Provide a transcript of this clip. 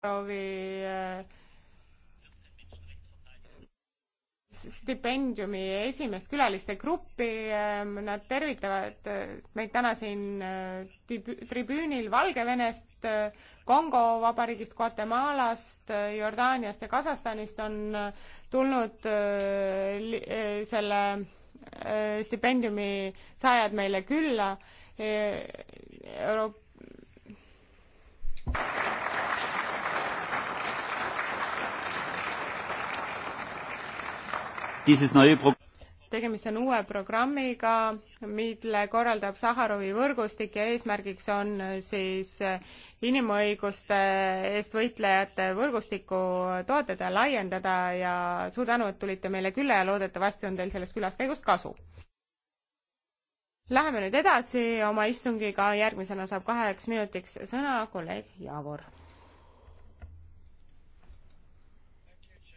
Saharovi äh, stipendiumi esimest külaliste gruppi. Ähm, nad tervitavad äh, meid täna siin äh, tribüünil Valgevenest, Kongo Vabariigist, Guatemalast, Jordaaniast ja Kasahstanist on tulnud selle stipendiumi saajad meile külla Euroopa tegemist on uue programmiga, mille korraldab Saharovi võrgustik ja eesmärgiks on äh, siis äh, inimõiguste eest võitlejate võrgustikku toetada ja laiendada ja suur tänu, et tulite meile külla ja loodetavasti on teil sellest külaskäigust kasu. Läheme nüüd edasi oma istungiga, järgmisena saab kaheks minutiks sõna kolleeg Javor